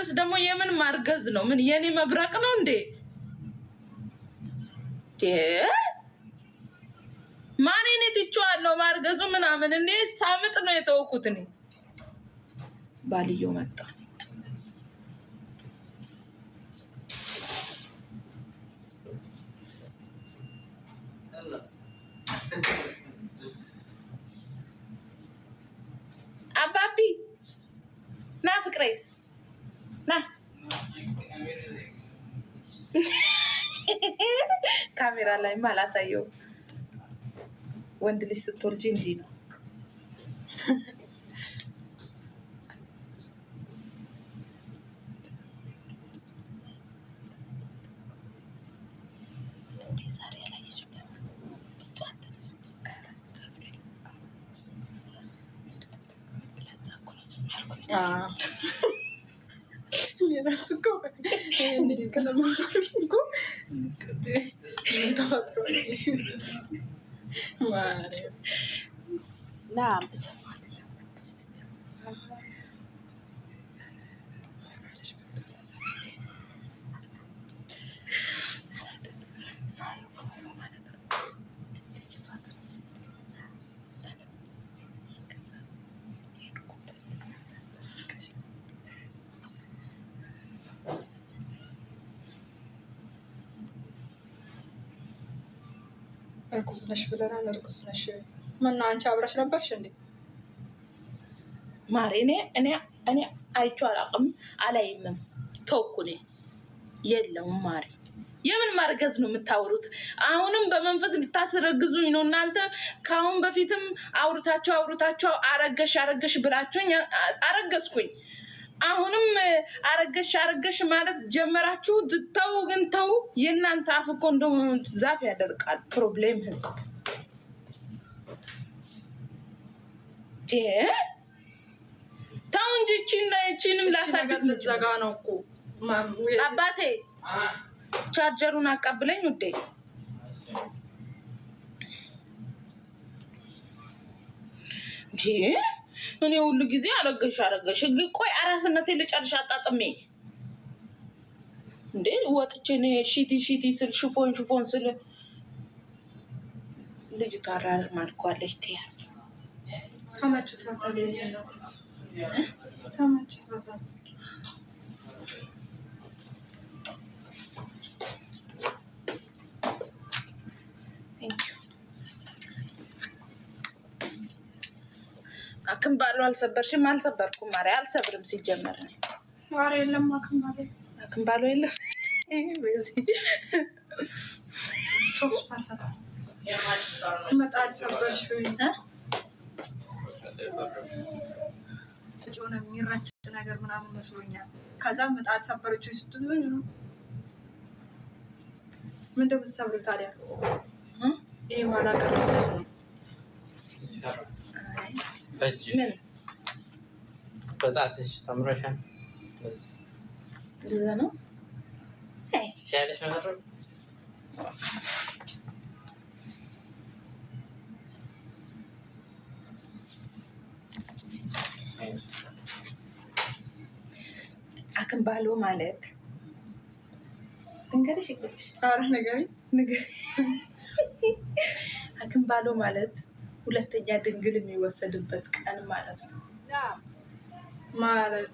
ሲቀርስ ደግሞ የምን ማርገዝ ነው? ምን የኔ መብረቅ ነው እንዴ? ማኔን ትቼዋለሁ ማርገዙ ምናምን እኔ ሳምጥ ነው የተወኩት። እኔ ባልየው መጣ ካሜራ ላይም አላሳየው። ወንድ ልጅ ስትወልጂ እንዲህ ነው። ራሱ እኮ Nakatroll. Mare. Na, እርጉዝ ነሽ ብለናል። እርጉዝ ነሽ ምነው አንቺ አብረሽ ነበርሽ እንዴ? ማሪ እኔ እኔ እኔ አይቼው አላውቅም አላይምም ተውኩ። እኔ የለውም ማሪ የምን ማርገዝ ነው የምታወሩት? አሁንም በመንፈስ ልታስረግዙኝ ነው እናንተ። ከአሁን በፊትም አውርታቸው አውርታቸው አረገሽ አረገሽ ብላችሁኝ አረገዝኩኝ። አሁንም አረገሽ አረገሽ ማለት ጀመራችሁ። ተው ግን ተው። የእናንተ አፍ እኮ እንደው ዛፍ ያደርቃል። ፕሮብሌም ህዝብ ተው እንጂ እቺን ቺንም ላሳደግ ዘጋ ነው እኮ አባቴ። ቻርጀሩን አቀብለኝ ውዴ። እንዴ እኔ ሁሉ ጊዜ አረገሽ አረገሽ። ህግ ቆይ አራስነቴ ልጨርሽ አጣጥሜ እንዴ ወጥቼ እኔ ሺቲ ሺቲ ስል ሽፎን ሽፎን ስል ልጅ ታራር ማልኳለች ትያል ተመችቷታል። አክምባሉ አልሰበርሽም? አልሰበርኩም። ማሪ አልሰብርም። ሲጀመር ነው። ማሪ የለም ባሉ የለም። ሆነ የሚረጭ ነገር ምናምን መስሎኛል። ከዛ ምጣድ ሰበረችው ስትሉኝ ነው። ምን እንደምትሰብሩ ታዲያ ይህ ኋላ ቀርነት ነው። እጅ በጣትሽ ተምረሻል። እንደዛ ነው ሲያለሽ መረ አክም ባህሉ ማለት እንገርሽ ይግብሽ አረ ነገር ነገር አክም ባህሉ ማለት ሁለተኛ ድንግል የሚወሰድበት ቀን ማለት ነው ማለት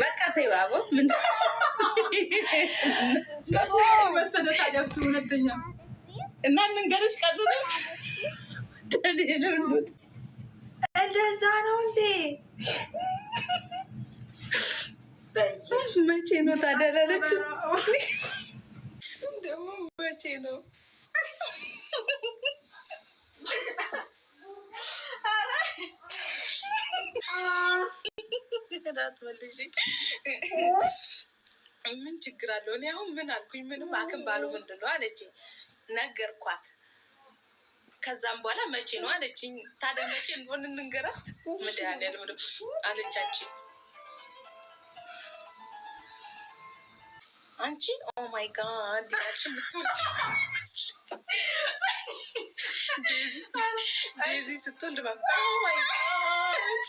በቃ ተይው አቦ ምንድን ነው ታዲያ እሱ ሁለተኛ እና መንገዶች ቀሉ እንደዛ ነው እንዴ መቼ ነው ታደላለች ደግሞ መቼ ነው ምን ችግር አለው? እኔ አሁን ምን አልኩኝ? ምንም አክም ባሉ ምንድን ነው አለችኝ። ነገርኳት። ከዛም በኋላ መቼ ነው አለችኝ። ታዲያ መቼ እንደሆነ እንንገራት መድኃኒዓለም አለቻችኝ። አንቺ ኦ ማይ ጋድ ዲናች ምትወልድ ዴዚ ስትወልድ ኦ ማይ ጋድ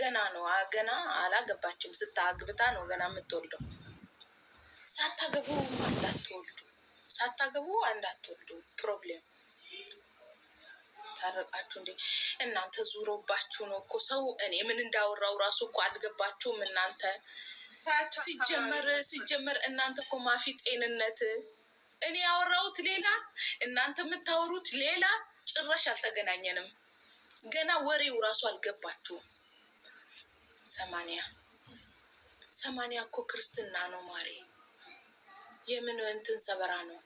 ገና ነው። ገና አላገባችም። ስታግብታ ነው ገና የምትወልደው። ሳታገቡ አንዳትወልዱ፣ ሳታገቡ አንዳትወልዱ ፕሮብሌም ታረቃችሁ እንዴ እናንተ? ዙሮባችሁ ነው እኮ ሰው። እኔ ምን እንዳወራው ራሱ እኮ አልገባችሁም እናንተ። ሲጀመር ሲጀመር እናንተ እኮ ማፊ ጤንነት። እኔ ያወራሁት ሌላ፣ እናንተ የምታወሩት ሌላ። ጭራሽ አልተገናኘንም። ገና ወሬው ራሱ አልገባችሁም። ሰማንያ ሰማንያ እኮ ክርስትና ነው ማሬ። የምን እንትን ሰበራ ነው።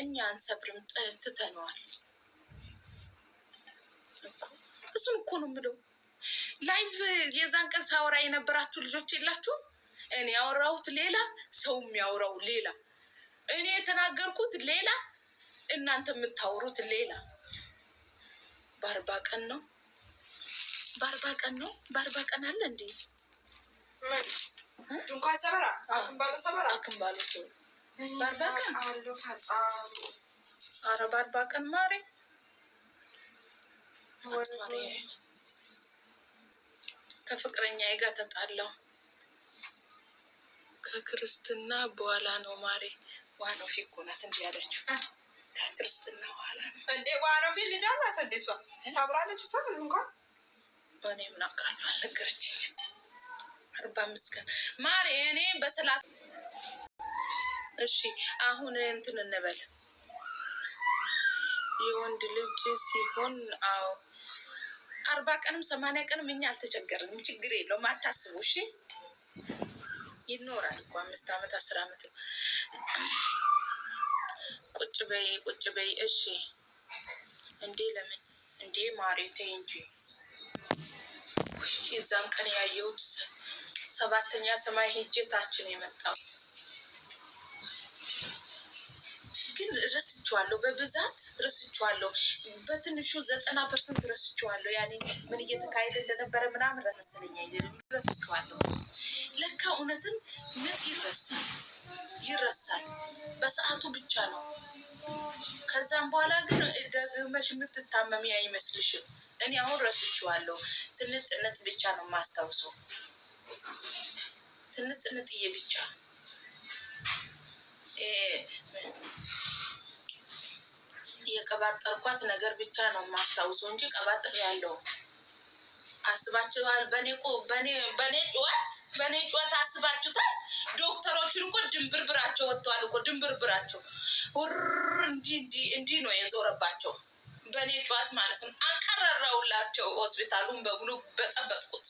እኛ አንሰብርም፣ ትተነዋል እሱን እኮ ነው የምለው። ላይቭ የዛን ቀን ሳወራ የነበራችሁ ልጆች የላችሁም። እኔ ያወራሁት ሌላ፣ ሰው የሚያወራው ሌላ፣ እኔ የተናገርኩት ሌላ፣ እናንተ የምታወሩት ሌላ። በአርባ ቀን ነው በአርባ ቀን ነው። በአርባ ቀን አለ እንዴ? ምን ድንኳን ሰበራ አክምባሉ ሰበራ አክምባሉ በአርባ ቀን አረ በአርባ ቀን ማሬ ከፍቅረኛ ጋር ተጣላሁ። ከክርስትና በኋላ ነው ማሬ። ዋናው ፊት እኮ ናት እንዲህ ያለችው ከክርስትና በኋላ ነው እንዴ? ዋናው ፊት ልጅ አላት እንዴ? እሷ ሳብራለች እሷ እንኳን እኔ ምን አቅራኛው አልነገረችኝም። አርባ አምስት ቀን ማር እኔ በሰላሳ እሺ፣ አሁን እንትን እንበል የወንድ ልጅ ሲሆን አዎ አርባ ቀንም ሰማንያ ቀንም እኛ አልተቸገርንም። ችግር የለውም አታስቡ። እሺ ይኖራል እኮ አምስት ዓመት አስር ዓመት ነው። ቁጭ በይ ቁጭ በይ። እሺ እንዴ ለምን እንዴ ማሬ ተይ እንጂ የዛን ቀን ያየሁት ሰባተኛ ሰማይ ሄጄ ታች ነው የመጣሁት። ግን ረስቼዋለሁ፣ በብዛት ረስቼዋለሁ። በትንሹ ዘጠና ፐርሰንት ረስቼዋለሁ። ያኔ ምን እየተካሄደ እንደነበረ ምናምን ረመሰለኛ ረስቼዋለሁ። ለካ እውነትን ምጥ ይረሳል፣ ይረሳል በሰዓቱ ብቻ ነው ከዛም በኋላ ግን ደግመሽ የምትታመሚ አይመስልሽም። እኔ አሁን ረስችዋለሁ። ትንጥንጥ ብቻ ነው የማስታውሰው፣ ትንጥንጥዬ ብቻ የቀባጠርኳት ነገር ብቻ ነው የማስታውሰው እንጂ ቀባጥር ያለው አስባችኋል? በኔ በኔ ጭዋት በእኔ ጨዋታ አስባችሁታል? ዶክተሮችን እኮ ድንብር ብራቸው ወጥተዋል እኮ ድንብር ብራቸው ውር እንዲ ነው የዞረባቸው በእኔ ጨዋት ማለት ነው። አቀረረውላቸው ሆስፒታሉን በሙሉ በጠበጥኩት።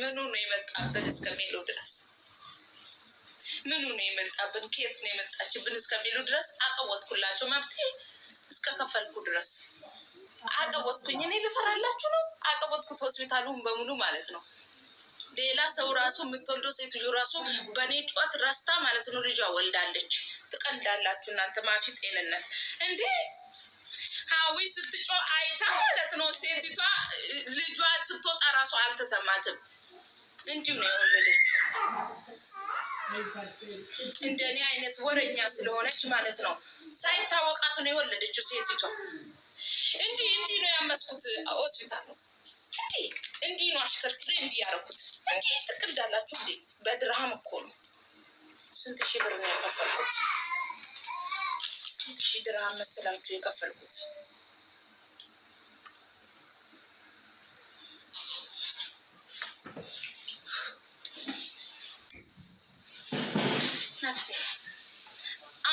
ምኑ ነው የመጣብን እስከሚሉ ድረስ ምኑ ነው የመጣብን ኬት ነው የመጣችብን እስከሚሉ ድረስ አቀወጥኩላቸው መብቴ ከፈልኩ ድረስ አቀወጥኩኝ። እኔ ልፈራላችሁ ነው አቀወጥኩት ሆስፒታሉን በሙሉ ማለት ነው። ሌላ ሰው ራሱ የምትወልደው ሴትዮ ራሱ በእኔ ጩኸት ረስታ ማለት ነው ልጇ ወልዳለች። ትቀልዳላችሁ እናንተ ማፊ ጤንነት እንዴ! ሀዊ ስትጮ አይታ ማለት ነው ሴቲቷ ልጇ ስትወጣ ራሱ አልተሰማትም። እንዲሁ ነው የወለደችው። እንደኔ አይነት ወረኛ ስለሆነች ማለት ነው ሳይታወቃት ነው የወለደችው ሴቲቷ። እንዲህ እንዲህ ነው ያመስኩት ሆስፒታል ነው እንዲህ እንዲህ ነው አሽከርክሬ እንዲህ ያደረኩት እንዲህ ትክልዳላችሁ እንዴ? በድርሃም እኮ ነው። ስንት ሺህ ብር ነው የከፈልኩት? ስንት ሺህ ድርሃም መሰላችሁ የከፈልኩት?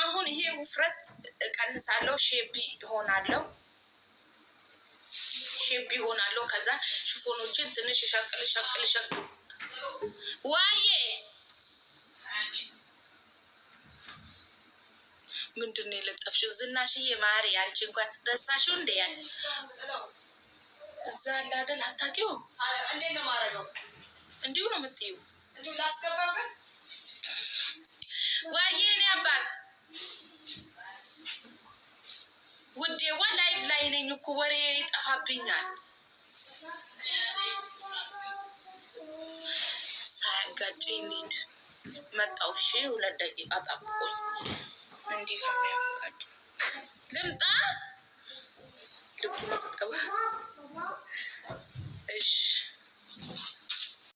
አሁን ይሄ ውፍረት እቀንሳለሁ፣ ሼቢ ሆናለሁ ሼቢ ሆናለሁ። ከዛ ሽፎኖችን ትንሽ ሸቅል ሸቅል ሸቅል ዋዬ ምንድን ነው የለጠፍሽው? ዝናሽዬ ማሪ አንቺ እንኳን ረሳሽው እንደ ያ እዛ ያለ አይደል? አታውቂውም? እንዴት ነው ማረገው? እንዲሁ ነው የምትይው። እንዲሁ ላስገባበት ዋዬ እኔ አባት ውዴዋ ላይቭ ላይ ነኝ እኮ ወሬ ይጠፋብኛል። ሊጋጭ ሊድ መጣው። እሺ ሁለት ደቂቃ ጠብቆኝ እንዲህ ያጋጭ ልምጣ። ልቡ ስጠባ እሺ